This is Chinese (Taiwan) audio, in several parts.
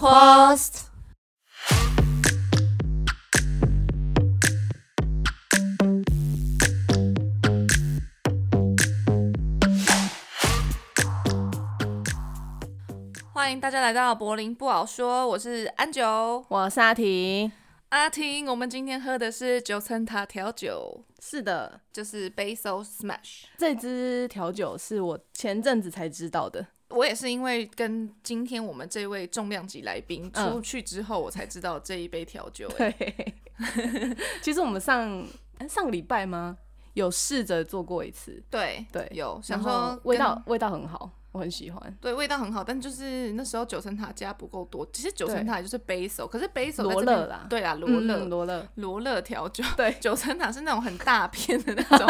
Post 歡迎大家來到柏林不好說，我是安九，我是阿婷。阿婷，我們今天喝的是九層塔調酒。是的，就是 Basil Smash 這支調酒是我前陣子才知道的。我也是因為跟今天我們這位重量級來賓出去之後，我才知道這一杯調酒。欸嗯呵呵。其實我們上上個禮拜嗎？有試着做過一次。對對，有然後味道味道很好。我很喜歡，對，味道很好，但就是那時候九層塔加不夠多。其實九層塔也就是 Basil，可是 Basil。羅勒啦。對啊，羅勒，羅勒、嗯、羅勒，羅勒調酒。對，九層塔是那種很大片的那種，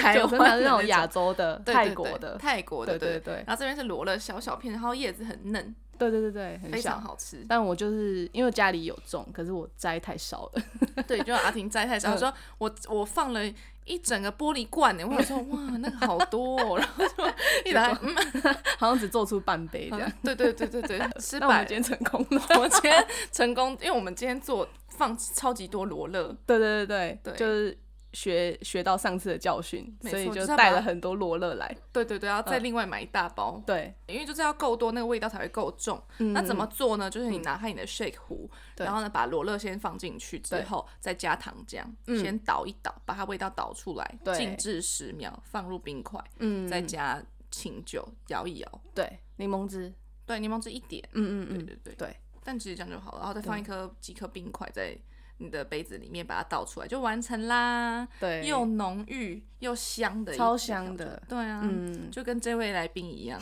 台 灣很大 那種亞洲的， 泰國的對對對，泰國的，泰國的對。然後這邊是羅勒小小片，然後葉子很嫩。對對對對很，非常好吃。但我就是因為家裡有種，可是我摘太少了。對，就阿婷摘太少。 我說我我放了一整個玻璃罐誒，我說哇那個好多、哦， 然後說一來、嗯、 好像只做出半杯這樣。啊、對對對對對，失敗。我今天成功了。 我今天成功，因為我們今天做放超級多羅勒。對對對對，對就是。學學到上次的教訓，所以就帶了很多羅勒來、就是。對對對，要再另外買一大包。對、嗯，因為就是要夠多，那個味道才會夠重、嗯。那怎麼做呢？就是你拿開你的 shake 壺，然後呢把羅勒先放進去，之後再加糖漿、嗯，先倒一倒，把它味道倒出來。靜置十秒，放入冰塊，嗯，再加清酒，搖一搖。對，檸檬汁，對，檸檬汁一點。嗯嗯對對對。對，對但其實這樣就好了，然後再放一顆幾顆冰塊在。你的杯子裡面把它倒出來就完成啦，對，又濃郁又香的，超香的，對啊，嗯，就跟這位來賓一樣，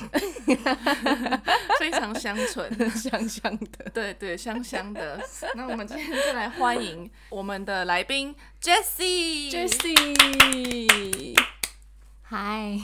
非常香醇，香香的，對，對對，香香的。 那我們今天就來歡迎我們的來賓 Jessie，Jessie，嗨，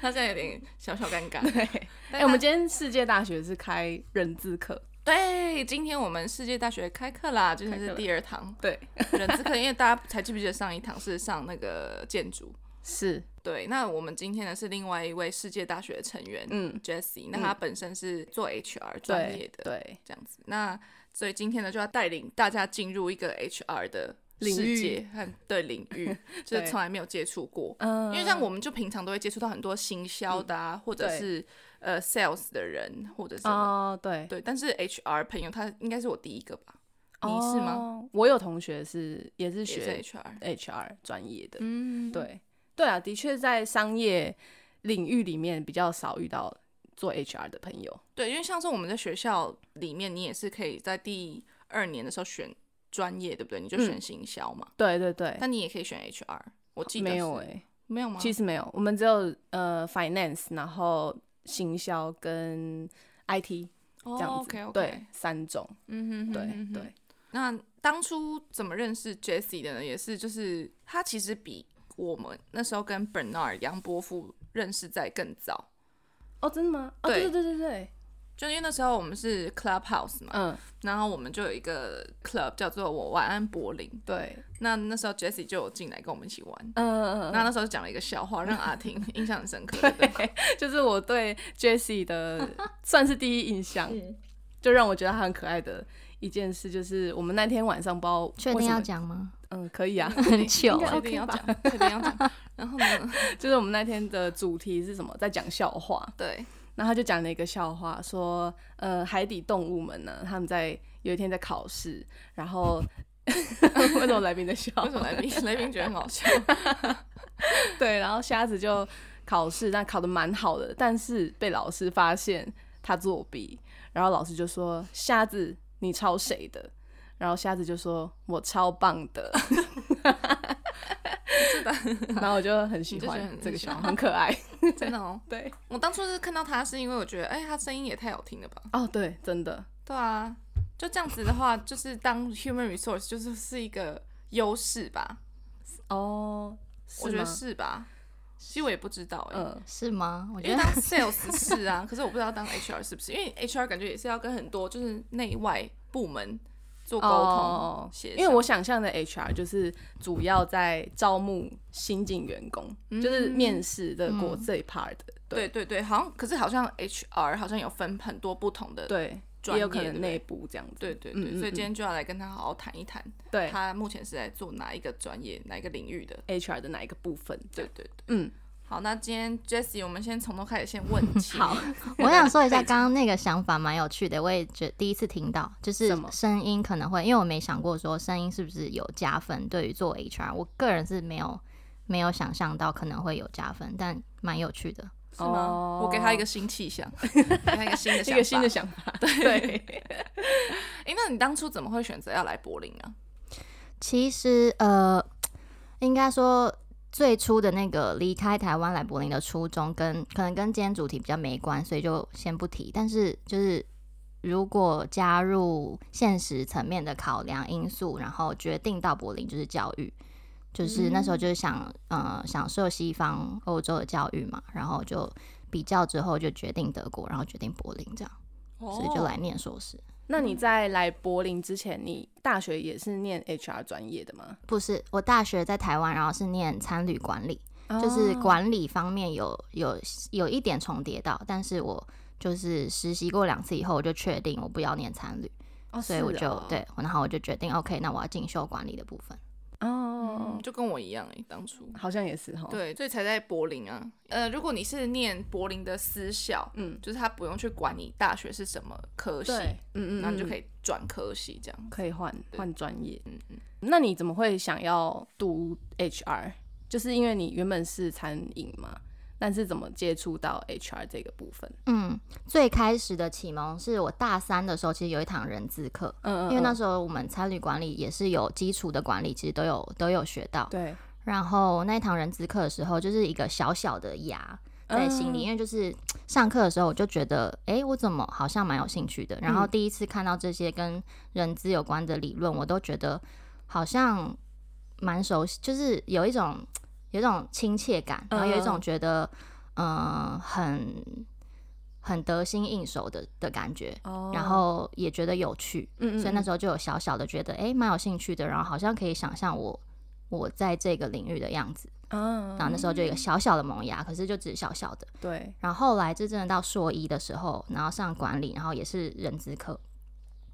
他 Hi 現在有點小小尷尬。對但、欸，我們今天世界大學是開人資課。對，今天我們世界大學開課啦，今天、就是第二堂。對，人資課 因為大家還記不記得上一堂是上那個建築。是。對，那我們今天呢是另外一位世界大學的成員，嗯，Jessie，那他本身是做 HR 專業的，嗯、對,對，這樣子。那所以今天呢就要帶領大家進入一個 HR 的世界和領域,和對領域 對，就是從來沒有接觸過、嗯，因為像我們就平常都會接觸到很多行銷的啊，嗯、或者是。呃，sales 的人或者是哦，oh, 對對，但是 HR 朋友他應該是我第一個吧？你是嗎？Oh, 我有同學是也是學 HR 是 HR 專業的，嗯，對對啊，的確在商業領域裡面比較少遇到做 HR 的朋友，對，因為像是我們在學校裡面，你也是可以在第二年的時候選專業，對不對？你就選行銷嘛，嗯、對對對，那你也可以選 HR，我記得沒有誒、欸，沒有嗎？其實沒有，我們只有呃 finance，然後。行銷跟 IT 這樣子，oh, okay, okay. 對三種，mm -hmm, 對、mm -hmm. 對。那當初怎麼認識 Jessie 的呢？也是就是她其實比我們那時候跟 Bernard 楊波夫認識在更早。哦、oh，真的嗎？哦，oh, 對，對對對對。就因為那時候我們是 Clubhouse 嘛，嗯，然後我們就有一個 Club 叫做我晚安柏林，對。對那那時候 Jessie 就有進來跟我們一起玩，嗯嗯，那那時候講了一個笑話，讓阿婷印象很深刻，嗯、對，對。 就是我對 Jessie 的算是第一印象，就讓我覺得她很可愛的一件事，就是我們那天晚上包，確定要講嗎？嗯，可以啊， 很糗 一定要講，確、OK、定要講。然後呢， 就是我們那天的主題是什麼？在講笑話，對。然後他就講了一個笑話，說：“呃，海底動物們呢，他們在有一天在考試，然後 為什麼來賓在笑？ 為什麼來賓？來賓覺得很好笑。， 對，然後瞎子就考試，但考的蠻好的，但是被老師發現他作弊，然後老師就說：瞎子，你抄誰的？然後瞎子就說：我超棒的。 ”是的，然後我就很喜歡，很喜歡這個小， 很可愛，真的哦對。對，我當初是看到他是因為我覺得，哎、欸，他聲音也太好聽了吧。哦，對，真的。對啊，就這樣子的話，就是當 human resource 就是是一個優勢吧。哦，我覺得是吧是。其實我也不知道、欸，哎、呃，是嗎？我覺得因為當 sales 是啊， 可是我不知道當 HR 是不是，因為 HR 感覺也是要跟很多就是內外部門。做溝通、哦，因為我想象的 HR 就是主要在招募新進員工、嗯，就是面試的過這一 part 的。對對對，好像可是好像 HR 好像有分很多不同的專業，對也有可能內部這樣子。對對對、嗯，所以今天就要來跟他好好談一談，他目前是在做哪一個專業、哪一個領域的 HR 的哪一個部分？對對，對對，嗯。好，那今天 Jessie，我們先從頭開始，先問起。 好，我想說一下，剛 剛那個想法蠻有趣的，我也覺得第一次聽到，就是聲音可能會，因為我沒想過說聲音是不是有加分。對於做 HR，我個人是沒有沒有想象到可能會有加分，但蠻有趣的，哦、oh，我給他一個新氣象，給他一個新的想 一個新的想法。 對。哎、 欸，那你當初怎麼會選擇要來柏林啊？其實，呃，應該說。最初的那個離開台灣來柏林的初衷，跟可能跟今天主題比較沒關，所以就先不提。但是就是如果加入現實層面的考量因素，然後決定到柏林就是教育，就是那時候就是想，mm -hmm. 呃，享受西方歐洲的教育嘛，然後就比較之後就決定德國，然後決定柏林這樣，所以就來念碩士。那你在來柏林之前，嗯、你大學也是念 HR 專業的嗎？不是，我大學在台灣，然後是念餐旅管理。哦，就是管理方面有有有一點重疊到，但是我就是實習過兩次以後，我就確定我不要念餐旅。哦，所以我就、哦、對，然後我就決定 OK，那我要進修管理的部分。哦、oh, 嗯，就跟我一樣哎、欸，當初好像也是哈。對，所以才在柏林啊。呃，如果你是念柏林的私校，嗯，就是他不用去管你大學是什麼科系，嗯嗯，然後就可以轉科系這樣，可以換換專業。嗯嗯，那你怎麼會想要讀 HR？就是因為你原本是餐飲嘛。但是怎麼接觸到 HR 這個部分？嗯，最開始的啟蒙是我大三的時候，其實有一堂人資課。嗯，嗯。因為那時候我們參與管理也是有基礎的管理，其實都有都有學到。對。然後那一堂人資課的時候，就是一個小小的芽在心裡、嗯，因為就是上課的時候我就覺得，哎、欸，我怎麼好像蠻有興趣的。然後第一次看到這些跟人資有關的理論、嗯，我都覺得好像蠻熟悉，就是有一種。有一種親切感，然後有一種覺得，嗯、uh -huh. 呃，很很得心應手的的感覺，uh -huh. 然後也覺得有趣，uh -huh. 所以那時候就有小小的覺得，哎、uh -huh. 欸，蠻有興趣的，然後好像可以想象我我在這個領域的樣子，uh -huh. 然後那時候就有一個小小的萌芽，可是就只是小小的，對、uh -huh.，然後後來就真的到碩一的時候，然後上管理，然後也是人資課，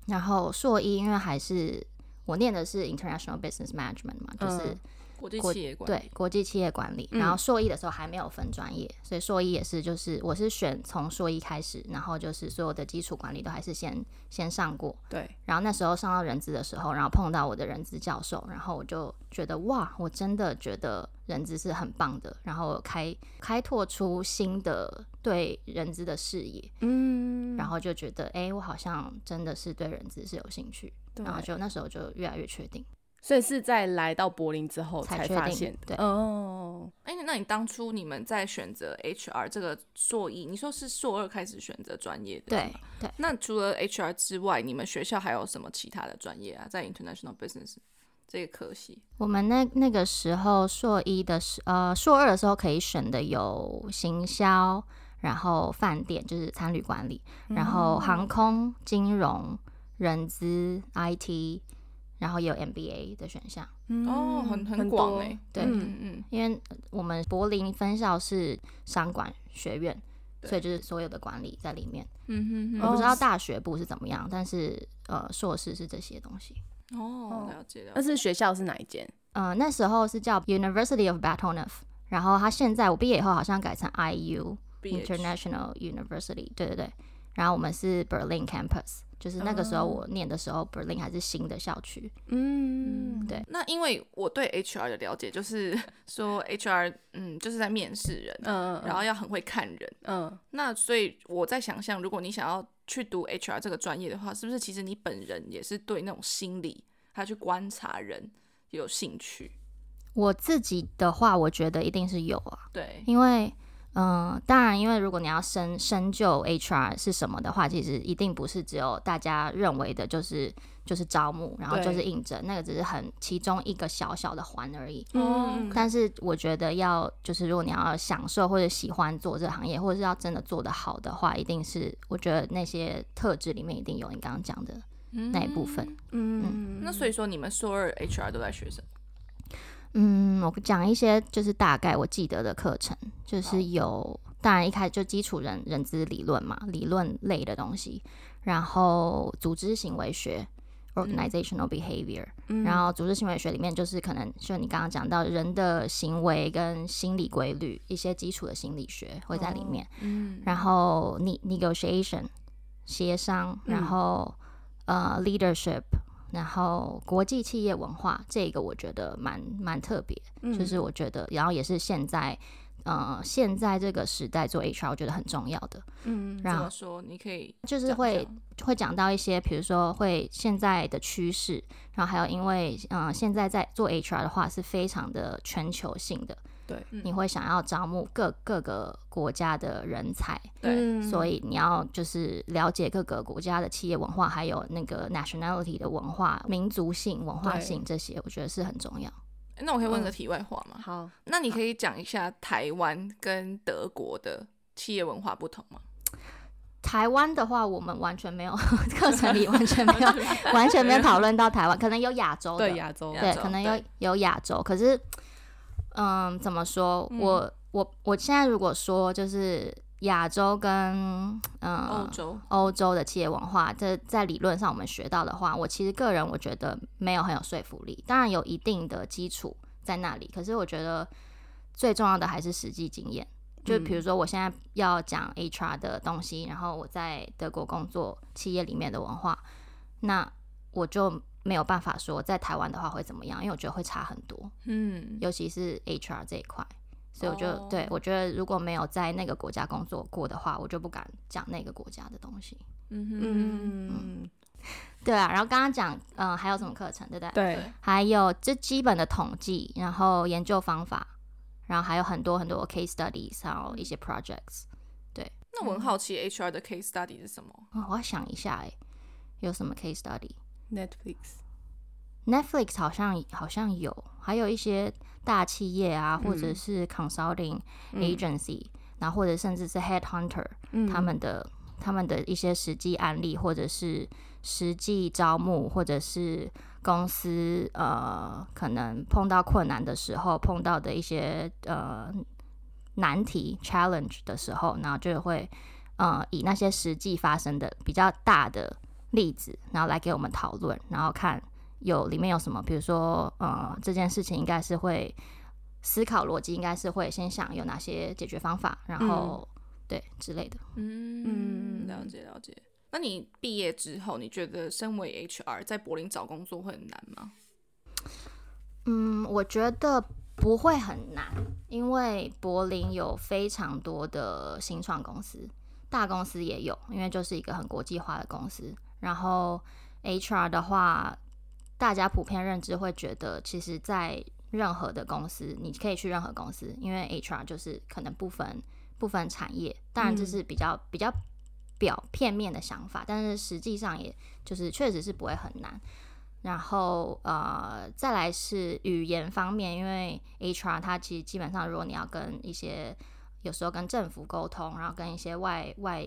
然後碩一因為還是我念的是 International Business Management 嘛，就是。Uh -huh. 國際企業管理，對，國際企業管理，管理嗯、然後碩一的時候還沒有分專業，所以碩一也是就是我是選從碩一開始，然後就是所有的基礎管理都還是先先上過。對，然後那時候上到人資的時候，然後碰到我的人資教授，然後我就覺得哇，我真的覺得人資是很棒的，然後開開拓出新的對人資的視野，嗯，然後就覺得哎、欸，我好像真的是對人資是有興趣，對然後就那時候就越來越確定。所以是在來到柏林之後才發現的。哦，哎，那你當初你們在選擇 HR 這個碩一，你說是碩二開始選擇專業的，對嗎？對，對。那除了 HR 之外，你們學校還有什麼其他的專業啊？在 International Business 這個科惜科系。我們那那個時候碩一的時，呃，碩二的時候可以選的有行銷，然後飯店就是餐旅管理，然後航空、嗯、金融、人資、IT。然後也有 MBA 的選項、嗯，哦，很很廣誒、欸，對，嗯嗯，因為我們柏林分校是商管學院，所以就是所有的管理在裡面，嗯，嗯，嗯，我不知道大學部是怎麼樣，哦、但是呃，碩士是這些東西，哦，了解了，那是學校是哪一間？呃，那時候是叫 University of Bad Honnef，然後它現在我畢業以後好像改成 IU、BH、International University，對對對，然後我們是 Berlin Campus。就是那個時候，我念的時候，Berlin 還是新的校區，嗯。嗯，對。那因為我對 HR 的了解，就是說 HR，嗯，就是在面試人，嗯，然後要很會看人，嗯。那所以我在想象，如果你想要去讀 HR 這個專業的話，是不是其實你本人也是對那種心理，他去觀察人有興趣？我自己的話，我覺得一定是有啊。對，因為。.嗯，當然，因為如果你要深深究 HR 是什麼的話，其實一定不是只有大家認為的，就是就是招募，然後就是應徵，那個只是很其中一個小小的環而已，嗯。但是我覺得要就是如果你要享受或者喜歡做這個行業，或者是要真的做得好的話，一定是我覺得那些特質裡面一定有你剛剛講的那一部分，嗯嗯。嗯，那所以說你們所有 HR 都在學什麼？嗯，我講一些就是大概我記得的課程，就是有，oh. 當然一開始就基礎人人資理論嘛，理論類的東西，然後組織行為學 （organizational behavior）。mm. 然後組織行為學裡面就是可能就你剛剛講到人的行為跟心理規律，一些基礎的心理學會在裡面。Oh. 然後 neg negotiation 協商，mm. 然後呃，uh, leadership。然後國際企業文化這個我覺得蠻蠻特別、嗯，就是我覺得，然後也是現在，呃，現在這個時代做 HR 我覺得很重要的。嗯，然後說？你可以就是會講會講到一些，比如說會現在的趨勢，然後還有因為，嗯、呃，現在在做 HR 的話是非常的全球性的。對、嗯，你會想要招募各各個國家的人才，對，所以你要就是了解各個國家的企業文化，還有那個 nationality 的文化、民族性、文化性這些，我覺得是很重要。那我可以問個題外話嗎？嗯、好，那你可以講一下台灣跟德國的企業文化不同嗎？台灣的話，我們完全沒有課 程裡完全沒有 完全沒有討論到台灣， 可能有亞洲的亞洲，對，可能有有亞洲，可是。嗯，怎麼說？嗯、我我我現在如果說就是亞洲跟嗯歐洲，歐洲的企業文化，這在理論上我們學到的話，我其實個人我覺得沒有很有說服力。當然有一定的基礎在那裡，可是我覺得最重要的還是實際經驗。就比如說我現在要講 HR 的東西、嗯，然後我在德國工作企業裡面的文化，那我就。沒有辦法說在台灣的話會怎麼樣，因為我覺得會差很多，嗯，尤其是 HR 這一塊，所以我就、哦、對，我覺得如果沒有在那個國家工作過的話，我就不敢講那個國家的東西，嗯哼嗯對啊，然後剛剛講，嗯，還有什麼課程對不對？對，還有這基本的統計，然後研究方法，然後還有很多很多 case study，然後一些 projects，對。那我很好奇、嗯、HR 的 case study 是什麼？哦、我要想一下，哎，有什麼 case study？Netflix，Netflix Netflix 好像好像有，還有一些大企業啊，或者是 consulting agency，、嗯嗯、然後或者甚至是 headhunter，、嗯、他們的他們的一些實際案例，或者是實際招募，或者是公司呃可能碰到困難的時候，碰到的一些呃難題 challenge 的時候，然後就會呃以那些實際發生的比較大的例子，然後來給我們討論，然後看有裡面有什麼，比如說，呃，這件事情應該是會思考邏輯，應該是會先想有哪些解決方法，然後、嗯、對之類的。嗯嗯，了解了解。那你畢業之後，你覺得身為 HR 在柏林找工作會很難嗎？嗯，我覺得不會很難，因為柏林有非常多的新創公司，大公司也有，因為就是一個很國際化的公司。然後，HR 的話，大家普遍認知會覺得，其實，在任何的公司，你可以去任何公司，因為 HR 就是可能不分不分產業。當然，這是比較比較表片面的想法，但是實際上，也就是確實是不會很難。然後，呃，再來是語言方面，因為 HR 它其實基本上，如果你要跟一些有時候跟政府溝通，然後跟一些外外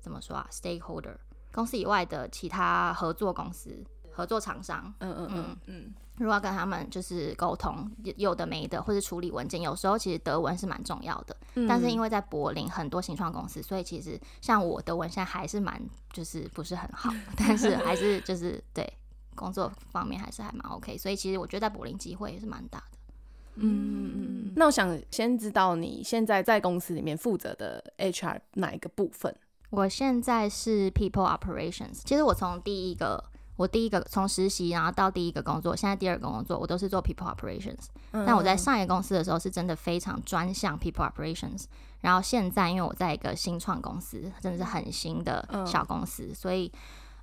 怎麼說啊，stakeholder。公司以外的其他合作公司、合作廠商，嗯嗯嗯嗯，如果要跟他們就是溝通，有的沒的，或是處理文件，有時候其實德文是蠻重要的。嗯，但是因為在柏林很多新創公司，所以其實像我德文現在還是蠻，就是不是很好， 但是還是就是對工作方面還是還蠻 OK。所以其實我覺得在柏林機會也是蠻大的。嗯嗯嗯嗯。那我想先知道你現在在公司裡面負責的 HR 哪一個部分？我現在是 People Operations。其實我從第一個，我第一個從實習，然後到第一個工作，現在第二個工作，我都是做 People Operations、嗯。但我在上一個公司的時候，是真的非常專項 People Operations、嗯。然後現在，因為我在一個新創公司，真的是很新的小公司，嗯、所以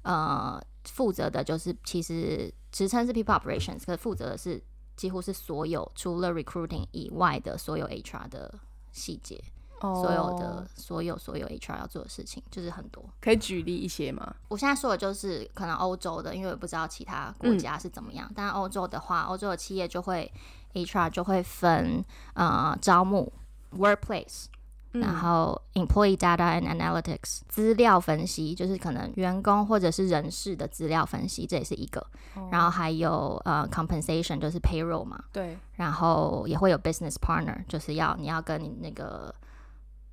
呃，負責的就是其實職稱是 People Operations，可是負責的是幾乎是所有除了 recruiting 以外的所有 HR 的細節。Oh. 所有的所有所有 HR 要做的事情就是很多，可以舉例一些嗎？我現在說的就是可能歐洲的，因為我不知道其他國家是怎麼樣。嗯、但歐洲的話，歐洲的企業就會 HR 就會分呃，招募 workplace、嗯、然後 employee data and analytics 資料分析，就是可能員工或者是人事的資料分析，這也是一個。嗯、然後還有呃 compensation 就是 payroll 嘛，對。然後也會有 business partner，就是要你要跟你那個。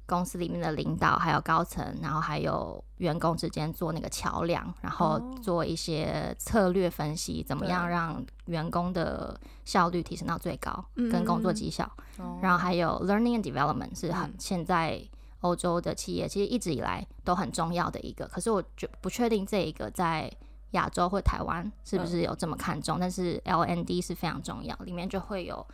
公司裡面的領導還有高層，然後還有員工之間做那個橋梁，然後做一些策略分析，怎麼樣讓員工的效率提升到最高，嗯、跟工作績效、嗯。然後還有 learning and development 是很現在歐洲的企業、嗯、其實一直以來都很重要的一個，可是我就不確定這一個在亞洲或台灣是不是有這麼看重，嗯、但是 L&D 是非常重要，裡面就會有。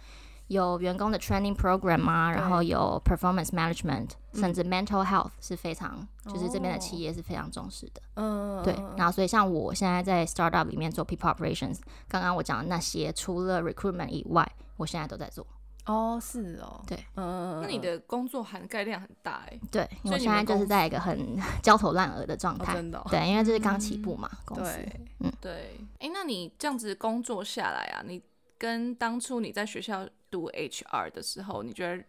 有員工的 training program 嗎、啊？然後有 performance management，甚至 mental health 是非常，嗯、就是這邊的企業是非常重視的。嗯、哦，對。然後所以像我現在在 startup 裡面做 people operations，剛剛我講的那些除了 recruitment 以外，我現在都在做。哦，是哦，對，嗯。那你的工作涵蓋量很大哎。對，我現在就是在一個很焦頭爛額的狀態、哦哦。對，因為這是剛起步嘛。嗯嗯公司。嗯，對。哎，那你這樣子工作下來啊，你跟當初你在學校。讀 HR 的時候，你覺得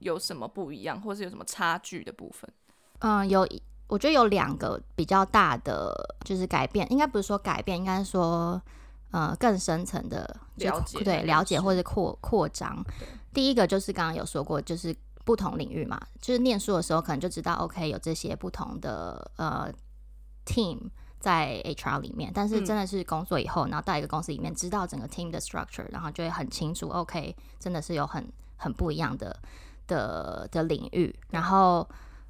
有什麼不一樣，或者是有什麼差距的部分？嗯，有，我覺得有兩個比較大的就是改變，應該不是說改變，應該說呃更深層的了解，對，了解或者擴擴張。第一個就是剛剛有說過，就是不同領域嘛，就是念書的時候可能就知道，OK 有這些不同的呃 team，在 HR 裡面，但是真的是工作以後、嗯，然後到一個公司裡面，知道整個 team 的 structure，然後就會很清楚。OK，真的是有很很不一樣的的的領域。然後，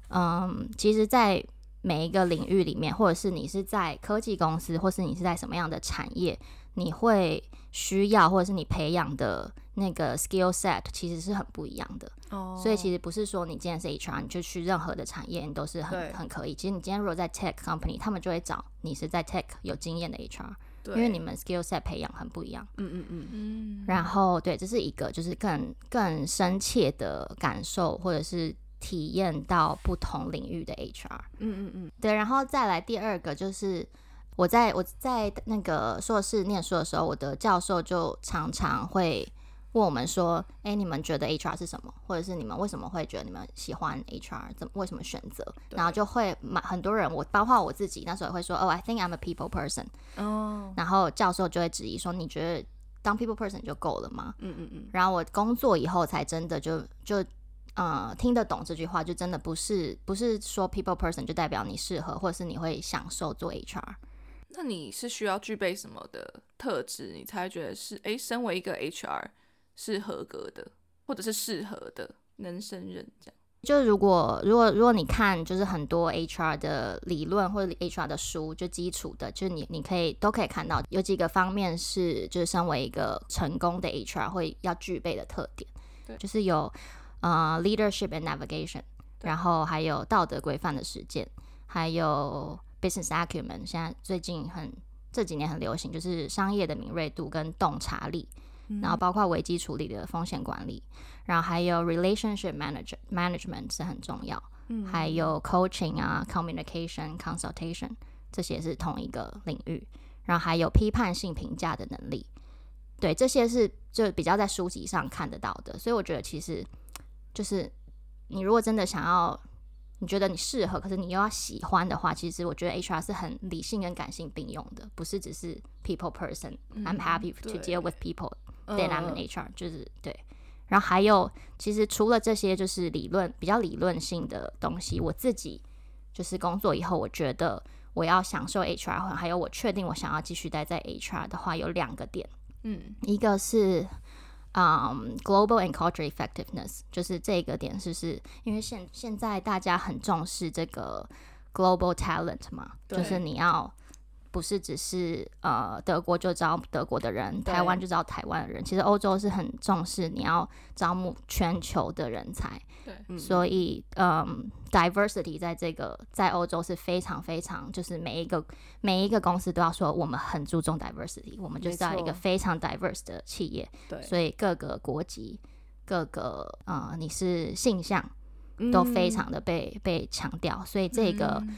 嗯，其實，在每一個領域裡面，或者是你是在科技公司，或者是你是在什麼樣的產業，你會需要，或者是你培養的，那個 skill set 其實是很不一樣的，哦、oh.，所以其實不是說你今天是 HR，你就去，去任何的產業，你都是很很可以。其實你今天如果在 tech company，他們就會找你是在 tech 有經驗的 HR，對，因為你們 skill set 培養很不一樣，嗯嗯嗯嗯。然後對，這是一個就是更更深切的感受或者是體驗到不同領域的 HR，嗯嗯嗯，mm -hmm. 對。然後再來第二個就是我在我在那個碩士念書的時候，我的教授就常常會。問我們說：“哎，你們覺得 HR 是什麼？或者是你們為什麼會覺得你們喜歡 HR？怎麼為什麼選擇？”然後就會蠻很多人，我包括我自己那時候也會說：“哦，I think I'm a people person。”哦，然後教授就會質疑說：“你覺得當 people person 就夠了嗎？”嗯嗯嗯。然後我工作以後才真的就就呃聽得懂這句話，就真的不是不是說 people person 就代表你適合，或者是你會享受做 HR。那你是需要具備什麼的特質，你才會覺得是哎，身為一個 HR？是合格的，或者是適合的，能勝任這樣。就如果如果如果你看就是很多 HR 的理論或者 HR 的書，就基礎的，就是你你可以都可以看到有幾個方面是就是身為一個成功的 HR 會要具備的特點，對，就是有啊、呃、leadership and navigation，然後還有道德規範的實踐，還有 business acumen。現在最近很這幾年很流行，就是商業的敏銳度跟洞察力。然後包括危機處理的風險管理，然後還有 relationship management management 是很重要，嗯、還有 coaching 啊，communication consultation 這些是同一個領域，然後還有批判性評價的能力，對，這些是就比較在書籍上看得到的，所以我覺得其實就是你如果真的想要，你覺得你適合，可是你又要喜歡的話，其實我覺得 HR 是很理性跟感性並用的，不是只是 people person，I'm、嗯、happy to deal with people。Then I'm in I'm HR，oh. 就是對，然後還有，其實除了這些就是理論比較理論性的東西，我自己就是工作以後，我覺得我要享受 HR，還有我確定我想要繼續待在 HR 的話，有兩個點，嗯，一個是嗯、um，global and cultural effectiveness，就是這個點，就是因為現現在大家很重視這個 global talent 嘛，就是你要。不是只是呃德國就招德國的人，台灣就招台灣的人。其實歐洲是很重視你要招募全球的人才，對。所以嗯、um，diversity 在這個在歐洲是非常非常，就是每一個每一個公司都要說我們很注重 diversity，我們就是要一個非常 diverse 的企業。對。所以各個國籍、各個啊、呃，你是性向都非常的被、嗯、被強調。所以這個。嗯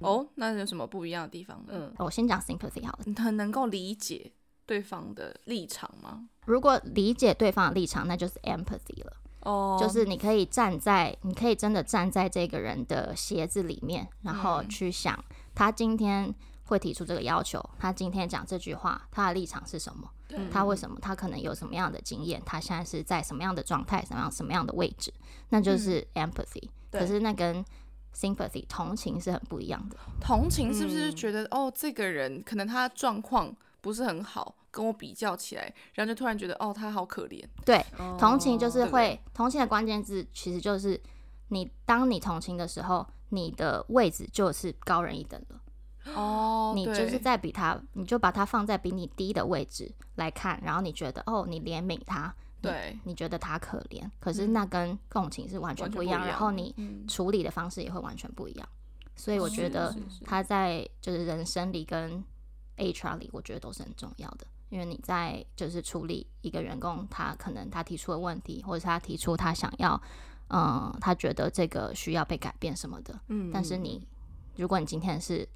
哦，那有什麼不一樣的地方呢？嗯，哦、我先講 sympathy 好了。他能夠理解對方的立場嗎？如果理解對方的立場，那就是 empathy 了。哦，就是你可以站在，你可以真的站在這個人的鞋子裡面，然後去想，嗯、他今天會提出這個要求，他今天講這句話，他的立場是什麼、嗯？他為什麼？他可能有什麼樣的經驗？他現在是在什麼樣的狀態？什麼樣什麼樣的位置？那就是 empathy。嗯、對，可是那跟 Sympathy 同情是很不一樣的，同情是不是覺得、嗯、哦，這個人可能他狀況不是很好，跟我比較起來，然後就突然覺得哦，他好可憐。對、哦，同情就是會，對對對，同情的關鍵字，其實就是你，當你同情的時候，你的位置就是高人一等了。哦，你就是在比他，你就把他放在比你低的位置來看，然後你覺得哦，你憐憫他。對，你覺得他可憐，可是那跟共情是完全，完全不一樣，然後你處理的方式也會完全不一樣。嗯、所以我覺得他在就是人生裡跟 HR 裡，我覺得都是很重要的，因為你在就是處理一個員工，他可能他提出的問題，或者他提出他想要，嗯、呃，他覺得這個需要被改變什麼的，嗯、但是你如果你今天是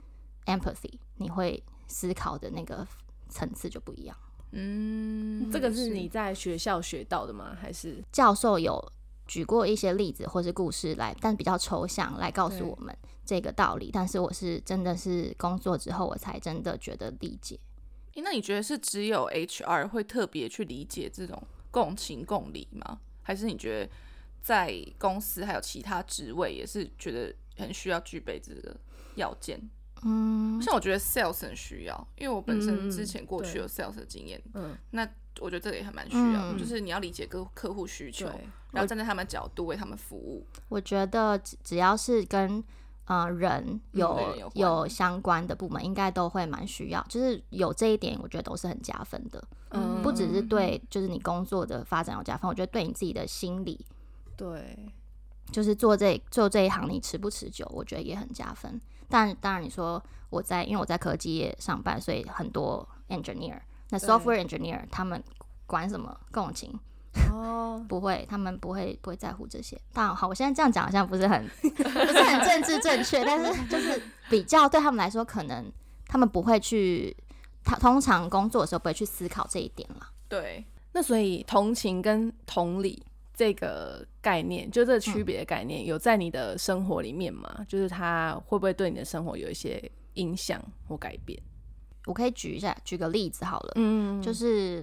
empathy，你會思考的那個層次就不一樣。嗯，這個是你在學校學到的嗎？是。還是教授有舉過一些例子或者是故事來，但比較抽象來告訴我們這個道理？但是我是真的是工作之後我才真的覺得理解。誒，那你覺得是只有 HR 會特別去理解這種共情共理嗎？還是你覺得在公司還有其他職位也是覺得很需要具備這個要件？嗯，像我覺得 sales 很需要，因為我本身之前過去有 sales 的經驗、嗯嗯，那我覺得這個也還蠻需要，就是你要理解各客戶需求，然後站在他們角度為他們服務。我覺得只要是跟呃人有、嗯、有，有相關的部門，應該都會蠻需要，就是有這一點，我覺得都是很加分的，嗯、不只是對，就是你工作的發展有加分。我覺得對你自己的心理，對，就是做這做這一行，你持不持久，我覺得也很加分。但當然，當然你說我在，因為我在科技業上班，所以很多 engineer，那 software engineer，他們管什麼共情？哦、oh. 不會，他們不會不會在乎這些。但好，我現在這樣講好像不是很 不是很政治正確， 但是就是比較對他們來說，可能他們不會去，他通常工作的時候不會去思考這一點了。對，那所以同情跟同理。這個概念，就這個區別的概念、嗯，有在你的生活裡面嗎？就是它會不會對你的生活有一些影響或改變？我可以舉一下，舉個例子好了。嗯，就是，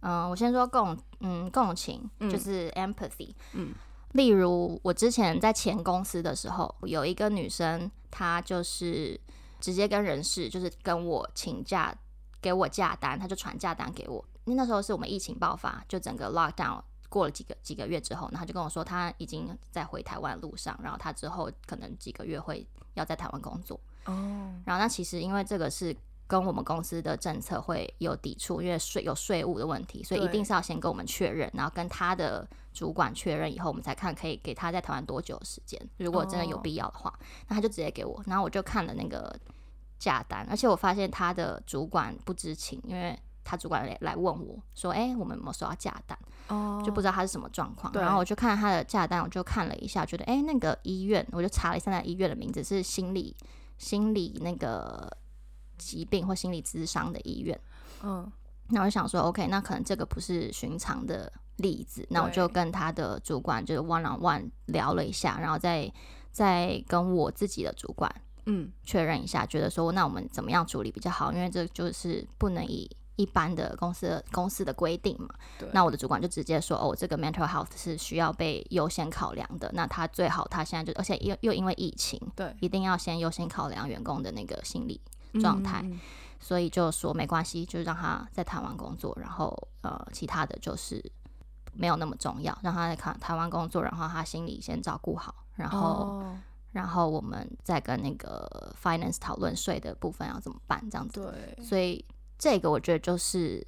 嗯、呃，我先說共，嗯，共情，嗯、就是 empathy。嗯、例如我之前在前公司的時候，有一個女生，她就是直接跟人事，就是跟我請假，給我假單，她就傳假單給我。因為那時候是我們疫情爆發，就整個 lockdown。過了幾個幾個月之後，然後他就跟我說，他已經在回台灣路上，然後他之後可能幾個月會要在台灣工作。哦、oh. 然後那其實因為這個是跟我們公司的政策會有抵觸，因為稅有稅務的問題，所以一定是要先跟我們確認，然後跟他的主管確認以後，我們才看可以給他在台灣多久的時間。如果真的有必要的話，oh. 那他就直接給我，然後我就看了那個假單，而且我發現他的主管不知情，因為。他主管來來問我說：“哎、欸，我們有沒有收到假單？哦、oh，就不知道他是什麼狀況。然後我就看他的假單，我就看了一下，覺得哎、欸，那個醫院，我就查了一下那醫院的名字是心理心理那個疾病或心理諮商的醫院。嗯、oh。那我就想說，OK，那可能這個不是尋常的例子。那我就跟他的主管就是 one on one 聊了一下，然後再再跟我自己的主管嗯確認一下，嗯、覺得說那我們怎麼樣處理比較好？因為這就是不能以。一般的公司的公司的規定嘛，那我的主管就直接說，哦，這個 mental health 是需要被優先考量的。那他最好他現在就，而且又又因為疫情，對，一定要先優先考量員工的那個心理狀態、嗯嗯嗯，所以就說沒關係，就讓他在台灣工作，然後呃，其他的就是沒有那麼重要，讓他在台台灣工作，然後他心理先照顧好，然後、哦、然後我們再跟那個 finance 討論稅的部分要怎麼辦這樣子，對，所以。這個我覺得就是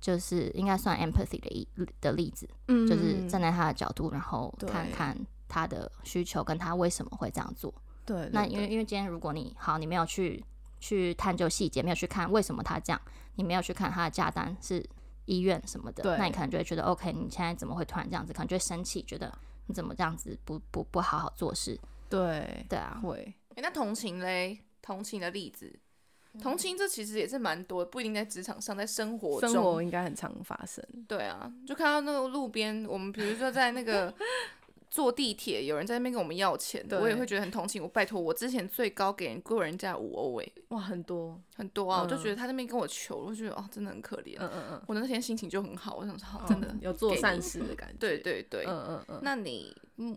就是應該算 empathy 的一的例子，嗯，就是站在他的角度，然後看看他的需求，跟他為什麼會這樣做。對，對，那因為因為今天如果你好，你沒有去去探究細節，沒有去看為什麼他這樣，你沒有去看他的假單是醫院什麼的，那你可能就會覺得 OK，你現在怎麼會突然這樣子？可能就會生氣，覺得你怎麼這樣子不不不不好好做事？對對啊，會。誒，那同情嘞？同情的例子。同情這其實也是蠻多的，不一定在職場上，在生活中，生活應該很常發生。對啊，就看到那個路邊，我們比如說在那個坐地鐵， 有人在那邊跟我們要錢，對我也會覺得很同情。我拜托，我之前最高給個人過人家五歐誒。哇，很多很多啊，我、嗯、就覺得他那邊跟我求，我就覺得哦、啊，真的很可憐。嗯嗯，嗯，我那天心情就很好，我想說好的真的有做善事的感覺。對對對，嗯嗯嗯。那你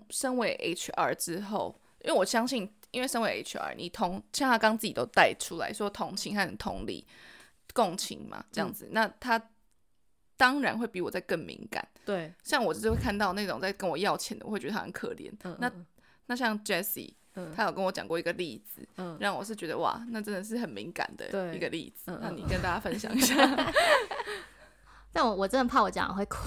身為 HR 之後，因為我相信。因為身為 HR，你同像他剛自己都帶出來說同情和同理、共情嘛，這樣子、嗯，那他當然會比我再更敏感。對，像我就是會看到那種在跟我要錢的，我會覺得他很可憐、嗯。那、嗯、那像 Jessie、嗯、他有跟我講過一個例子，嗯、讓我是覺得哇，那真的是很敏感的一個例子。那你跟大家分享一下。 但我我真的怕我講了會哭，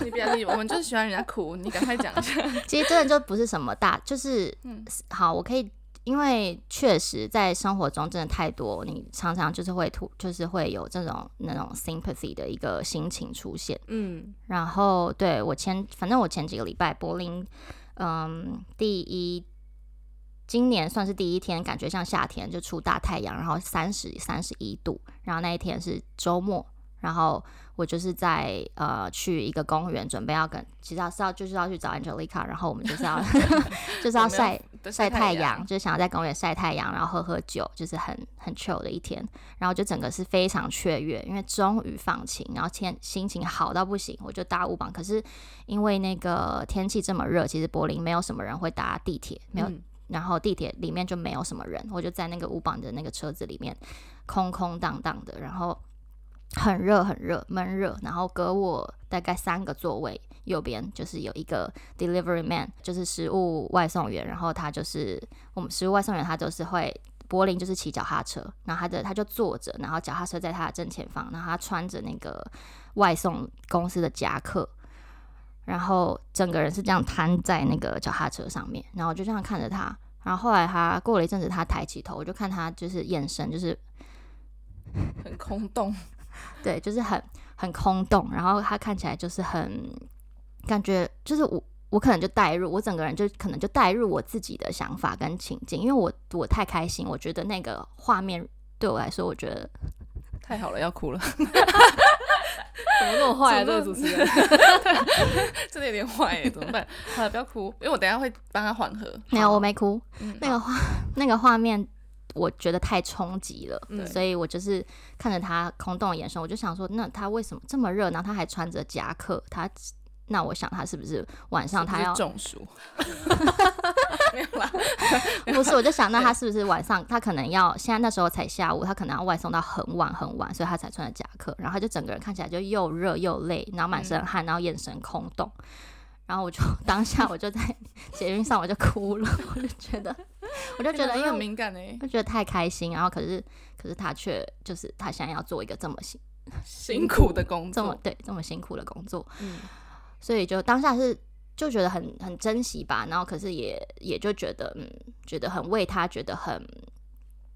你別理我，我就是喜歡人家哭。 你趕快講一下。其實真的就不是什麼大，就是、嗯、好，我可以，因為確實在生活中真的太多，你常常就是會吐，就是會有這種那種 sympathy 的一個心情出現。嗯，然後對，我前，反正我前幾個禮拜柏林，嗯，第一，今年算是第一天，感覺像夏天就出大太陽，然後三十三十一度，然後那一天是週末，然後。我就是在呃去一個公園，準備要跟其實是要就是要去找 Angelica，然後我們就是要 就是要曬曬太陽，就是想要在公園曬太陽，然後喝喝酒，就是很很 chill 的一天，然後就整個是非常雀躍，因為終於放晴，然後天心情好到不行，我就搭 U-Bahn，可是因為那個天氣這麼熱，其實柏林沒有什麼人會搭地鐵，沒有，嗯，然後地鐵裡面就沒有什麼人，我就在那個 U-Bahn 的那個車子裡面空空蕩蕩的，然後。很熱，很熱，悶熱。然後隔我大概三個座位，右邊就是有一個 delivery man，就是食物外送員。然後他就是我們食物外送員，他都是會柏林就是騎腳踏車，然後他的他就坐着，然後腳踏車在他的正前方，然後他穿着那個外送公司的夾克，然後整個人是這樣癱在那個腳踏車上面，然後就這樣看着他。然後後來他過了一陣子，他抬起頭，我就看他就是眼神就是很空洞。 對，就是很很空洞，然後他看起來就是很感覺，就是我我可能就帶入，我整個人就可能就帶入我自己的想法跟情境，因為我我太開心，我覺得那個畫面對我來說，我覺得太好了，要哭了， 怎麼那麼壞啊？這個主持人 真的有點壞耶，怎麼辦？好了，不要哭，因為我等一下會幫他緩和。沒有，我沒哭。嗯、那個畫，那個畫面。我覺得太衝擊了，所以我就是看着他空洞的眼神，我就想說，那他為什麼這麼熱？然後他還穿着夾克，他那我想他是不是晚上他要是不是中暑？ 沒有啦 不是，我就想那他是不是晚上他可能要現在那時候才下午，他可能要外送到很晚很晚，所以他才穿的夾克，然後他就整個人看起來就又熱又累，然後滿身汗、嗯，然後眼神空洞，然後我就當下我就在捷運上我就哭了， 我就覺得。我就覺得很有敏感嘞，就覺得太開心，然後可是可是他卻就是他想要做一個這麼辛辛苦的工作，這麼對這麼辛苦的工作，嗯，所以就當下是就覺得很很珍惜吧，然後可是也也就覺得嗯，覺得很為他覺得很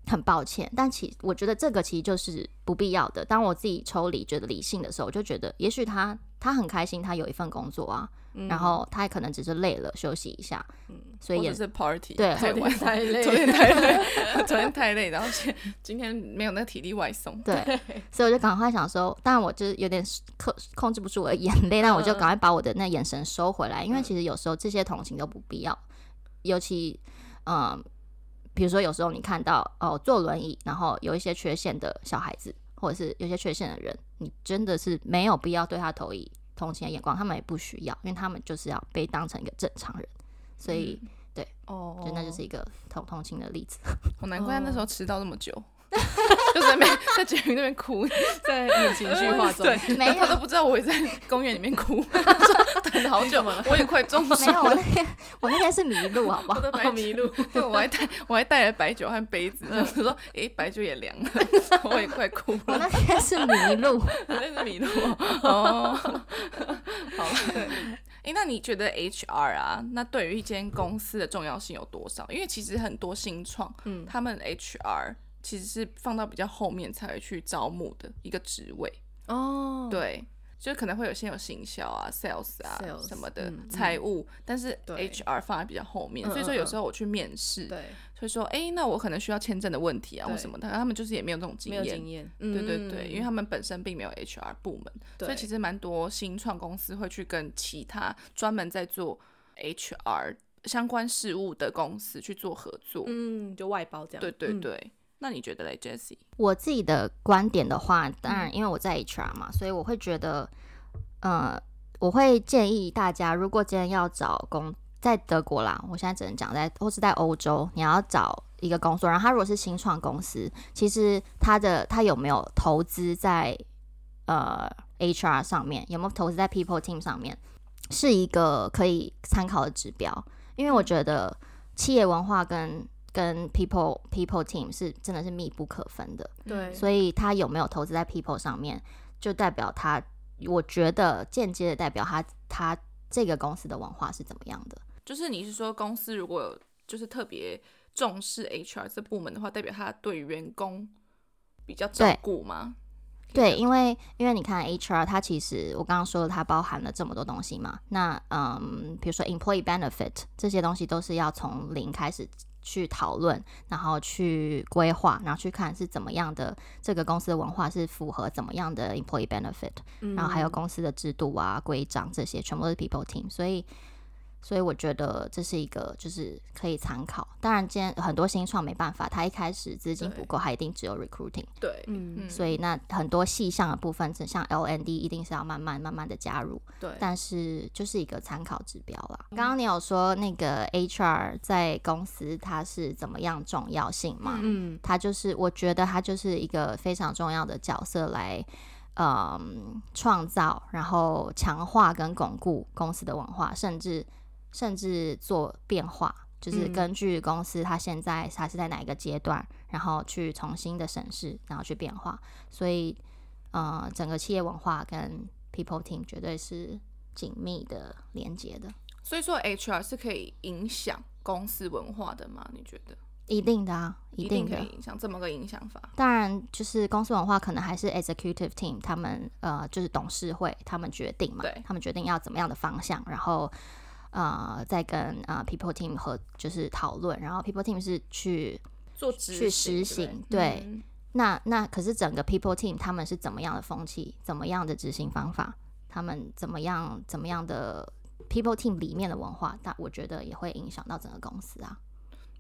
很抱歉，但其我覺得這個其實就是不必要的。當我自己抽離覺得理性的時候，我就覺得也許他他很開心，他有一份工作啊。嗯、然後他可能只是累了，休息一下，嗯、所以也是 party，對，昨天太累，昨天太累， 昨天太累 昨天太累，然後今今天沒有那體力外送，對， 所以我就趕快想說，但我就是有點控控制不住我的眼淚，那我就趕快把我的那眼神收回來，呃，因為其實有時候這些同情都不必要，嗯、尤其嗯，比、呃、如說有時候你看到哦、呃、坐輪椅，然後有一些缺陷的小孩子，或者是有些缺陷的人，你真的是沒有必要對他投以。同情的眼光，他們也不需要，因為他們就是要被當成一個正常人，所以對，哦，就那就是一個同同情的例子。我難怪那時候遲到那麼久，哦、 就是沒在剪輯那邊哭， 在情緒化中，嗯、對，沒有他都不知道我也在公園裡面哭。 他等了好久了， 我也快中暑了。沒有，我那天我那天是迷路，好不好？我迷路， 我還帶我還帶了白酒和杯子。我說，哎，白酒也涼了，我也快哭了。我那天是迷路， 我那天是迷路。 哦，好了。哎，那你覺得 HR 啊，那對於一間公司的重要性有多少？因為其實很多新創，嗯，他們 HR 其實是放到比較後面才去招募的一個職位哦。對。就可能會有先有行銷啊、sales 啊 sales，什麼的、嗯、財務，但是 HR 放在比較後面，所以說有時候我去面試、嗯，所以說哎、欸，那我可能需要簽證的問題啊，或什麼的，他們就是也沒有這種經驗，對對對、嗯，因為他們本身並沒有 HR 部門，所以其實蠻多新創公司會去跟其他專門在做 HR 相關事務的公司去做合作，嗯，就外包這樣，對對對。嗯那你覺得嘞，Jessie？我自己的觀點的話，當然，因為我在 HR 嘛、嗯，所以我會覺得，呃，我會建議大家，如果今天要找工在德國啦，我現在只能講在或是在歐洲，你要找一個工作，然後他如果是新創公司，其實他的他有沒有投資在呃 HR 上面，有沒有投資在 People Team 上面，是一個可以參考的指標，因為我覺得企業文化跟。跟 people people team 是真的是密不可分的，對，所以他有沒有投資在 people 上面，就代表他，我覺得間接的代表他，他這個公司的文化是怎麼樣的？就是你是說公司如果就是特別重視 HR 這部門的話，代表他對員工比較照顧嗎？對，yeah。對，因為因為你看 HR，它其實我剛剛說了，它包含了這麼多東西嘛。那嗯，比如說 employee benefit 這些東西都是要從零開始。去討論，然後去規劃，然後去看是怎麼樣的，這個公司的文化是符合怎麼樣的 employee benefit，嗯、然後還有公司的制度啊、規章這些，全部都是 people team，所以。所以我覺得這是一個，就是可以參考。當然，今天很多新創沒辦法，他一開始資金不夠，還一定只有 recruiting 對。對，嗯。所以那很多細項的部分，像 L N D，一定是要慢慢慢慢的加入。對。但是就是一個參考指標啦。剛剛你有說那個 H R 在公司它是怎麼樣重要性嘛？嗯,嗯。他就是，我覺得他就是一個非常重要的角色來，嗯，創造然後強化跟鞏固公司的文化，甚至。甚至做變化，就是根據公司它現在它是在哪一個階段，嗯，然後去重新的審視，然後去變化。所以，呃，整個企業文化跟 people team 絕對是緊密的連接的。所以說，HR 是可以影響公司文化的嗎？你覺得？一定的啊，一定，一定可以影響，這麼個影響法。當然，就是公司文化可能還是 executive team 他們呃，就是董事會他們決定嘛，對，他們決定要怎麼樣的方向，然後。啊、呃，在跟啊、呃、people team 和就是討論，然後 people team 是去做行去實行，對，嗯、對，那那可是整個 people team 他們是怎麼樣的風氣，怎麼樣的執行方法，他們怎麼樣怎麼樣的 people team 裡面的文化，那我覺得也會影響到整個公司啊。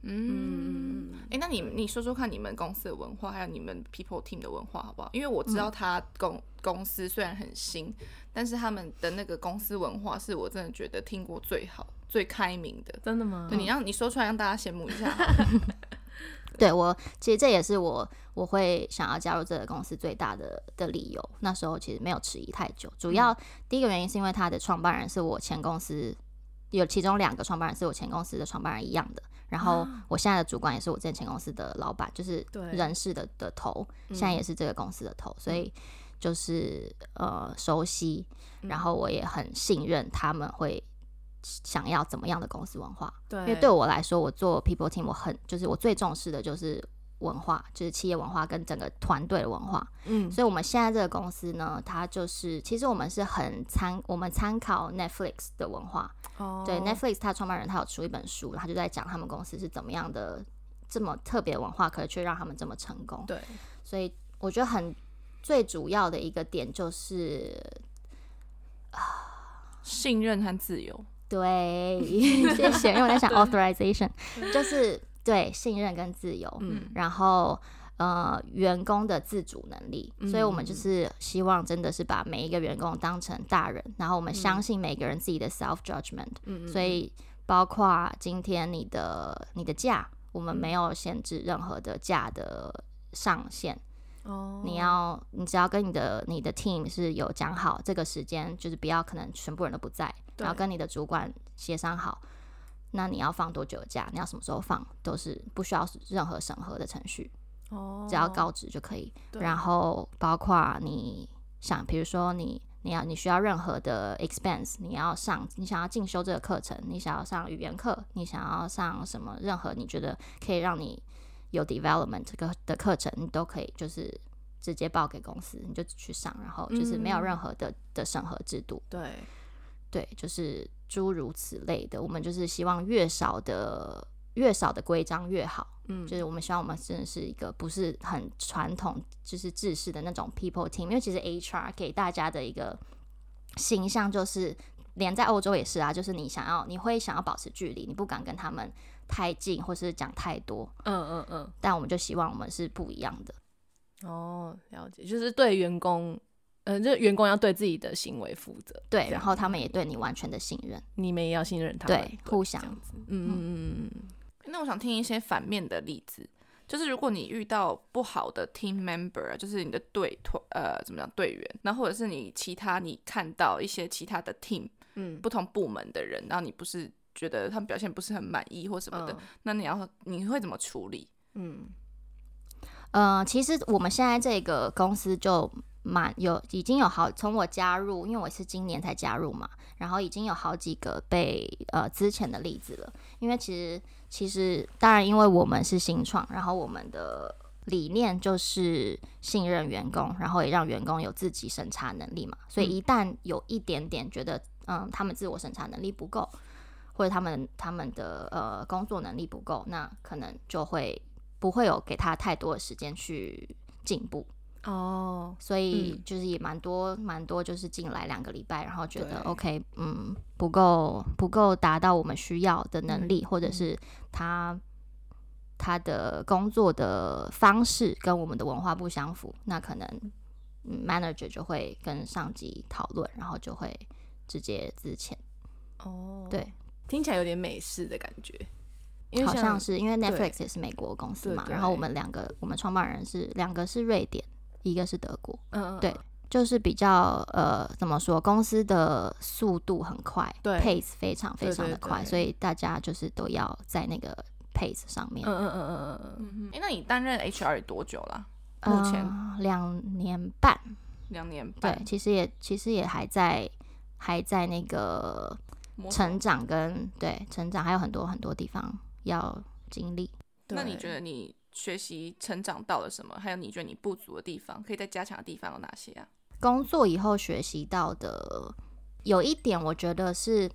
嗯，哎、嗯欸，那你你說說看，你們公司的文化，還有你們 people team 的文化好不好？因為我知道他公、嗯、公司雖然很新，但是他們的那個公司文化是我真的覺得聽過最好、最開明的。真的嗎？對你讓你說出來，讓大家羨慕一下好不好？ 對我，其實這也是我我會想要加入這個公司最大的的理由。那時候其實沒有遲疑太久，主要、嗯、第一個原因是因為他的創辦人是我前公司有其中兩個創辦人是我前公司的創辦人一樣的。然後我現在的主管也是我之前，前公司的老闆，就是人事的的頭，現在也是這個公司的頭，嗯、所以就是呃熟悉、嗯，然後我也很信任他們會想要怎麼樣的公司文化，對，因為對我來說，我做 people team，我很就是我最重視的就是。文化就是企業文化跟整個團隊的文化，嗯，所以我們現在這個公司呢，它就是其實我們是很參我們參考 Netflix 的文化，哦，對，Netflix 它創辦人他有出一本書，他就在講他們公司是怎麼樣的這麼特別的文化，可以去讓他們這麼成功，對，所以我覺得很最主要的一個點就是啊，信任和自由，對，謝謝，因為我在想 authorization 就是。對，信任跟自由，嗯，然後呃，員工的自主能力、嗯，所以我們就是希望真的是把每一個員工當成大人，嗯、然後我們相信每個人自己的 self judgment，嗯，所以包括今天你的你的假、嗯，我們沒有限制任何的假的上限，哦、嗯，你要你只要跟你的你的 team 是有講好這個時間，就是不要可能全部人都不在，然後跟你的主管協商好。那你要放多久假？你要什麼時候放，都是不需要任何審核的程序，哦、oh,，只要告知就可以。然後包括你想，比如說你你要你需要任何的 expense，你要上，你想要進修這個課程，你想要上語言課，你想要上什麼任何你覺得可以讓你有 development 個的課程，你都可以就是直接報給公司，你就去上，然後就是沒有任何的、mm -hmm. 的審核制度，對。對，就是諸如此類的。我們就是希望越少的、越少的規章越好。嗯，就是我們希望我們真的是一個不是很傳統、就是制式的那種 people team。因為其實 HR 給大家的一個形象就是，連在歐洲也是啊，就是你想要、你會想要保持距離，你不敢跟他們太近，或是講太多。嗯嗯嗯。但我們就希望我們是不一樣的。哦，了解，就是對員工。嗯、呃，這員工要對自己的行為負責，對，然後他們也對你完全的信任，你們也要信任他們。對，互相，嗯嗯嗯嗯。那我想聽一些反面的例子，就是如果你遇到不好的 team member，就是你的隊團，呃，怎麼講隊員，那或者是你其他你看到一些其他的 team，嗯，不同部門的人，然後你不是覺得他們表現不是很滿意或什麼的，嗯，那你要你會怎麼處理？嗯。嗯、呃，其實我們現在這個公司就蠻有，已經有好從我加入，因為我是今年才加入嘛，然後已經有好幾個被呃之前的例子了。因為其實其實當然，因為我們是新創，然後我們的理念就是信任員工，然後也讓員工有自己審查能力嘛。所以一旦有一點點覺得，嗯、呃，他們自我審查能力不夠，或者他們他們的呃工作能力不夠，那可能就會。不會有給他太多的時間去進步哦，oh, 所以就是也蠻多、嗯、蠻多，就是進來兩個禮拜，然後覺得 OK，嗯，不夠不夠達到我們需要的能力，嗯、或者是他、嗯、他的工作的方式跟我們的文化不相符，那可能、嗯、manager 就會跟上級討論，然後就會直接資遣。哦、oh,，對，聽起來有點美式的感覺。因為像好像是因為 Netflix 也是美國公司嘛，對對對，然後我們兩個，我們創辦人是兩個是瑞典，一個是德國，嗯嗯，對，就是比較呃怎麼說，公司的速度很快，對，pace 非常非常的快，對對對，所，對對對，所以大家就是都要在那個 pace 上面，嗯嗯嗯嗯嗯。哎、嗯嗯嗯嗯嗯，欸，那你擔任 HR 有多久了？目前？呃，兩年半，兩年半，對，其實也其實也還在還在那個成長跟對，成長，還有很多很多地方要經歷，那你覺得你學習成長到了什麼？還有你覺得你不足的地方，可以再加強的地方有哪些啊？工作以後學習到的有一點，我覺得是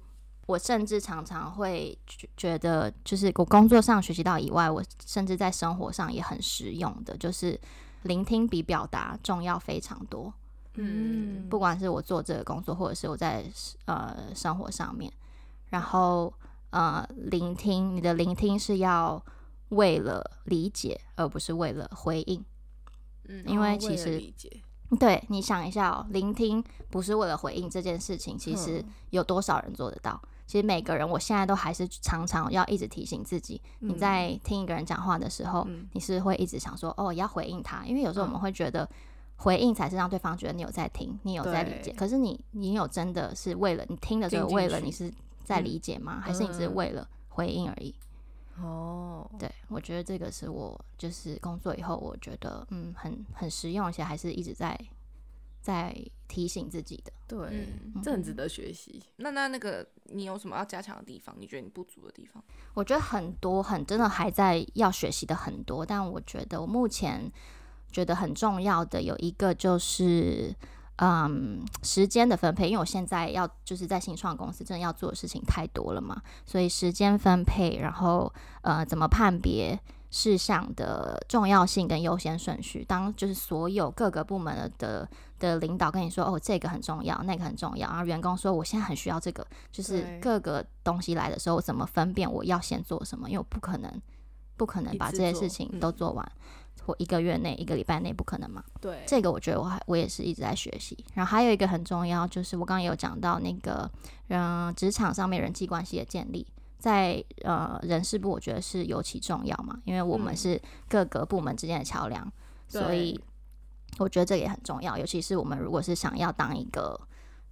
我甚至常常會覺得，就是我工作上學習到以外，我甚至在生活上也很實用的，就是聆聽比表達重要非常多。嗯，不管是我做這個工作，或者是我在呃生活上面，然後。呃，聆聽，你的聆聽是要為了理解，而不是為了回應。嗯，因為其實為對，你想一下哦、喔嗯，聆聽不是為了回應這件事情，其實有多少人做得到？其實每個人，我現在都還是常常要一直提醒自己，嗯，你在聽一個人講話的時候，嗯，你是會一直想說，哦，要回應他，因為有時候我們會覺得回應才是讓對方覺得你有在聽，你有在理解。可是你，你有真的是為了你聽的時候，為了你是。在理解嗎？還是你只是為了回應而已？哦、嗯呃，對，我覺得這個是我就是工作以後，我覺得嗯，很很實用，而且還是一直在在提醒自己的。對，嗯、這很值得學習、嗯。那那那個，你有什麼要加強的地方？你覺得你不足的地方？我覺得很多，很真的還在要學習的很多。但我覺得我目前覺得很重要的有一個就是。嗯，um，時間的分配，因為我現在要就是在新創公司，真的要做的事情太多了嘛，所以時間分配，然後呃，怎麼判別事項的重要性跟優先順序？當就是所有各個部門的的領導跟你說，哦，這個很重要，那個很重要，然後員工說，我現在很需要這個，就是各個東西來的時候，我怎麼分辨我要先做什麼？因為我不可能，不可能把這些事情都做完。我一個月內、一個禮拜內不可能嘛？對，這個我覺得我還我也是一直在學習。然後還有一個很重要，就是我剛剛有講到那個人，嗯，職場上面人際關係的建立，在呃人事部我覺得是尤其重要嘛，因為我們是各個部門之間的橋樑，嗯，所以我覺得這也很重要。尤其是我們如果是想要當一個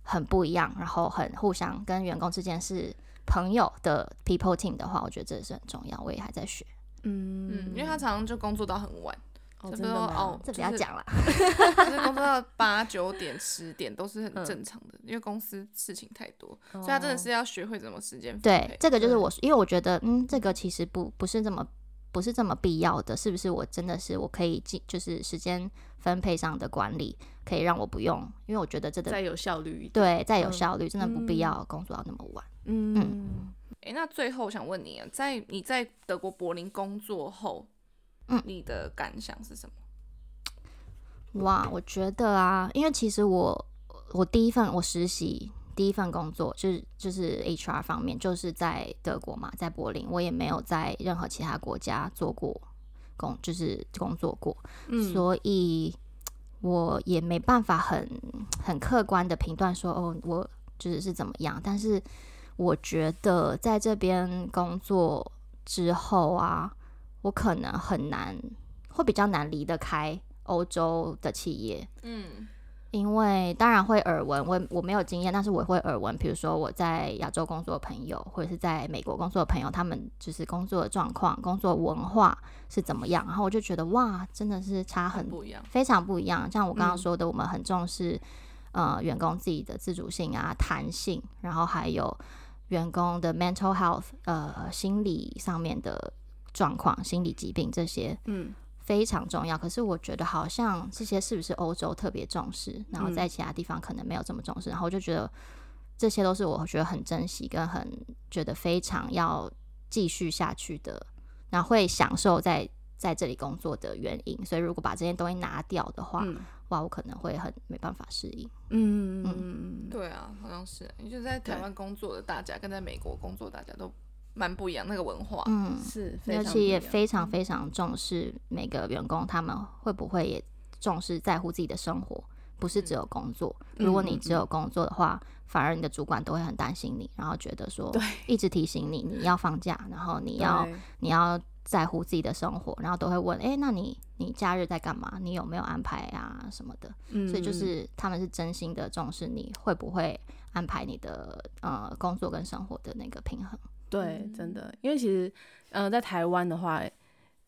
很不一樣，然後很互相跟員工之間是朋友的 people team 的話，我覺得這也是很重要。我也還在學。嗯，嗯，因為他常常就工作到很晚，哦，就說，哦就是，這不要講了， 就是工作到八九點、十點都是很正常的。嗯，因為公司事情太多，嗯，所以他真的是要學會怎麼時間分配。對，這個就是我，嗯，因為我覺得，嗯，這個其實不不是這麼不是這麼必要的，是不是？我真的是我可以進，就是時間分配上的管理可以讓我不用，因為我覺得這個再有效率一點，對，再有效率，嗯，真的不必要工作到那麼晚。嗯。嗯嗯。哎，那最後我想問你啊，在你在德國柏林工作後，嗯，你的感想是什麼？哇，我覺得啊，因為其實我我第一份我實習第一份工作就是就是 HR 方面，就是在德國嘛，在柏林，我也沒有在任何其他國家做過工，就是工作過，嗯，所以我也沒辦法很很客觀的評斷說哦，我就是是怎麼樣，但是，我覺得在這邊工作之後啊，我可能很難，會比較難離得開歐洲的企業，嗯，因為當然會耳聞，我我沒有經驗，但是我會耳聞，比如說我在亞洲工作的朋友，或者是在美國工作的朋友，他們就是工作的狀況、工作文化是怎麼樣，然後我就覺得哇，真的是差很不一樣，非常不一樣。像我剛剛說的，嗯，我們很重視呃員工自己的自主性啊、彈性，然後還有。員工的 mental health，呃，心理上面的狀況、心理疾病這些，嗯，非常重要。嗯。可是我覺得好像這些是不是歐洲特別重視，然後在其他地方可能沒有這麼重視。嗯。然後我就覺得這些都是我覺得很珍惜跟很覺得非常要繼續下去的，然後會享受在。在這裡工作的原因，所以如果把這些東西拿掉的話，嗯、哇，我可能會很沒辦法適應。嗯嗯嗯，對啊，好像是。你就在台灣工作的大家，跟在美國工作大家都蠻不一樣那個文化。嗯，是，而且也非常非常重視每個員工，他們會不會也重視在乎自己的生活，不是只有工作。嗯、如果你只有工作的話，嗯、反而你的主管都會很擔心你，然後覺得說，一直提醒你你要放假，然後你要你要。在乎自己的生活，然後都會問：哎、欸，那你你假日在幹嘛？你有沒有安排啊什麼的、嗯？所以就是他們是真心的重視你會不會安排你的呃工作跟生活的那個平衡。對，真的，因為其實嗯、呃，在台灣的話，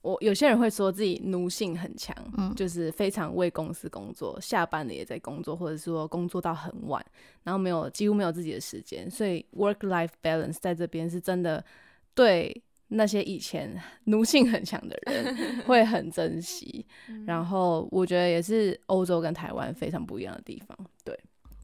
我有些人會說自己奴性很強，嗯，就是非常為公司工作，下班了也在工作，或者說工作到很晚，然後沒有幾乎沒有自己的時間，所以 work-life balance 在這邊是真的對。那些以前奴性很強的人會很珍惜， 然後我覺得也是歐洲跟台灣非常不一樣的地方。對，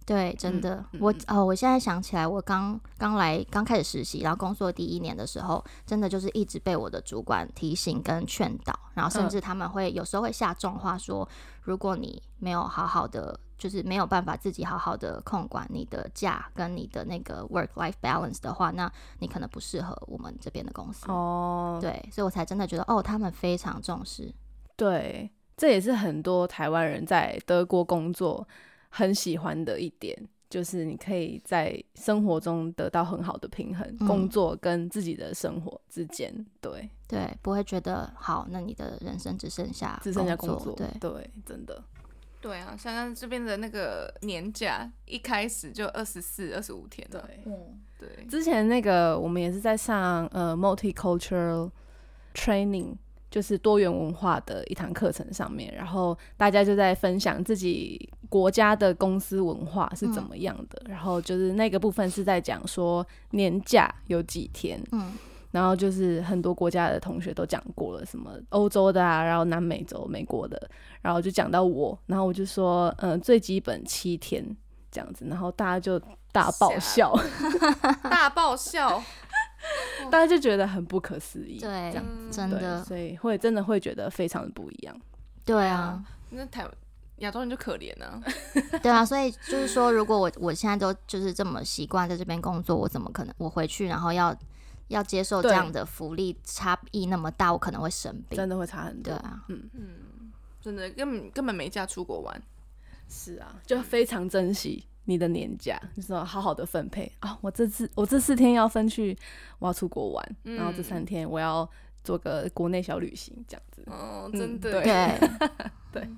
對，真的，嗯、我哦，我現在想起來我，我剛剛來剛開始實習，然後工作第一年的時候，真的就是一直被我的主管提醒跟勸導，然後甚至他們會、嗯、有時候會下重話說，如果你沒有好好的。就是沒有辦法自己好好的控管你的假，跟你的那個 work life balance 的話，那你可能不適合我們這邊的公司哦。Oh. 對，所以我才真的覺得哦，他們非常重視。對，這也是很多台灣人在德國工作很喜歡的一點，就是你可以在生活中得到很好的平衡，嗯、工作跟自己的生活之間。對對，不會覺得好，那你的人生只剩下只剩下工作。對對，真的。對啊，香港這邊的那個年假一開始就二十四、二十五天。對，對、嗯。之前那個我們也是在上呃 multicultural training，就是多元文化的一堂課程上面，然後大家就在分享自己國家的公司文化是怎麼樣的，嗯、然後就是那個部分是在講說年假有幾天。嗯然後就是很多國家的同學都講過了，什麼歐洲的啊，然後南美洲、美國的，然後就講到我，然後我就說，嗯、呃，最基本七天這樣子，然後大家就大爆笑， 大爆笑， 大家就覺得很不可思議，對，這樣子真的對，所以會真的會覺得非常的不一樣，對啊，啊那台灣亞洲人就可憐了、啊， 對啊，所以就是說，如果我我現在都就是這麼習慣在這邊工作，我怎麼可能我回去然後要。要接受這樣的福利差異那麼大，我可能會生病，真的會差很多。對啊，嗯嗯，真的根本根本沒假出國玩，是啊，就非常珍惜你的年假，就、是、說好好的分配啊，我這次我這四天要分去我要出國玩，嗯，然後這三天我要做個國內小旅行，這樣子哦，真的、嗯、對。對 對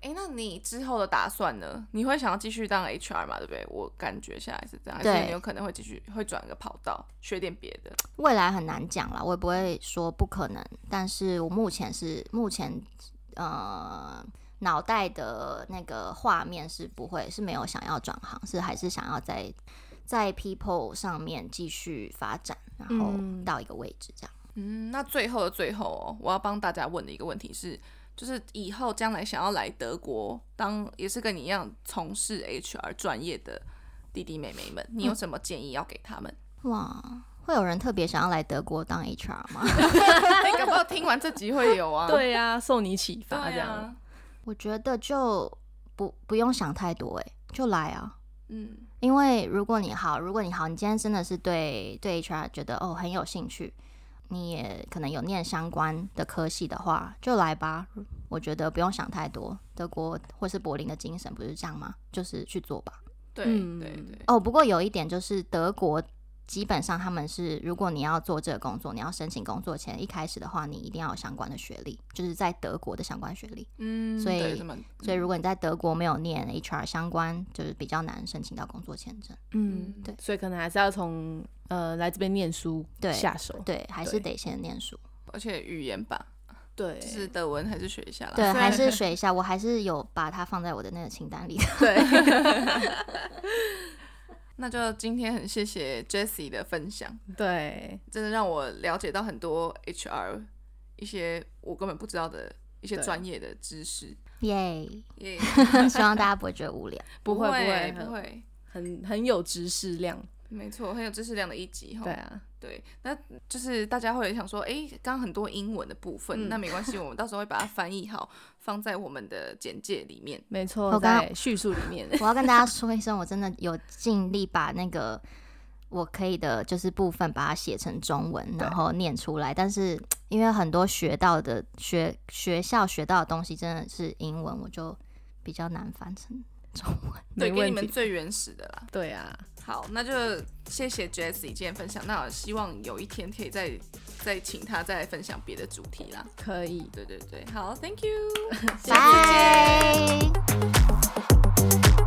哎，那你之後的打算呢？你會想要繼續當 HR 嗎？對不對？我感覺下來是這樣，還是有可能會繼續會轉個跑道，學點別的。未來很難講啦，我也不會說不可能，但是我目前是目前，呃，腦袋的那個畫面是不會是沒有想要轉行，是還是想要在在 People 上面繼續發展，然後到一個位置這樣。嗯，嗯，那最後的最後哦，我要幫大家問的一個問題是。就是以後將來想要來德國當，也是跟你一樣從事 HR 專業的弟弟妹妹們，你有什麼建議要給他們？嗯、哇，會有人特別想要來德國當 HR 嗎？你 敢、 欸、不敢聽完這集會有啊？啊對啊，受你啟發這樣、啊。我覺得就不不用想太多，哎，就來啊。嗯，因為如果你好，如果你好，你今天真的是對對 HR 覺得哦很有興趣。你也可能有念相關的科系的話，就來吧。我覺得不用想太多，德國或是柏林的精神不是這樣嗎？就是去做吧。對對對，嗯。哦，不過有一點就是德國。.基本上他們是，如果你要做這個工作，你要申請工作簽，一開始的話，你一定要有相關的學歷，就是在德國的相關學歷。嗯，所以、嗯、所以如果你在德國沒有念 HR 相關，就是比較難申請到工作簽證。嗯。嗯，對，所以可能還是要從呃來這邊念書下手對。對，還是得先念書，而且語言吧，對，就是德文還是學一下？對，還是學一下，我還是有把它放在我的那個清單裡，對。 那就今天很謝謝 Jessie 的分享，對，真的讓我了解到很多 HR 一些我根本不知道的一些專業的知識，耶，yeah. Yeah. 希望大家不會覺得無聊，不會不會不會，很很，很有知識量，沒錯，很有知識量的一集，對啊。對，那就是大家會想說，哎，剛剛很多英文的部分，嗯、那沒關係，我們到時候會把它翻譯好， 放在我們的簡介裡面。沒錯，在敘述裡面，我，我要跟大家說一聲， 我真的有盡力把那個我可以的就是部分，把它寫成中文，然後念出來。但是因為很多學到的學學校學到的東西真的是英文，我就比較難翻成中文。對，給你們最原始的啦。對啊。好，那就謝謝 Jessie 今天分享。那我希望有一天可以再再請他再分享別的主題啦。可以，對對對，好，thank you，拜。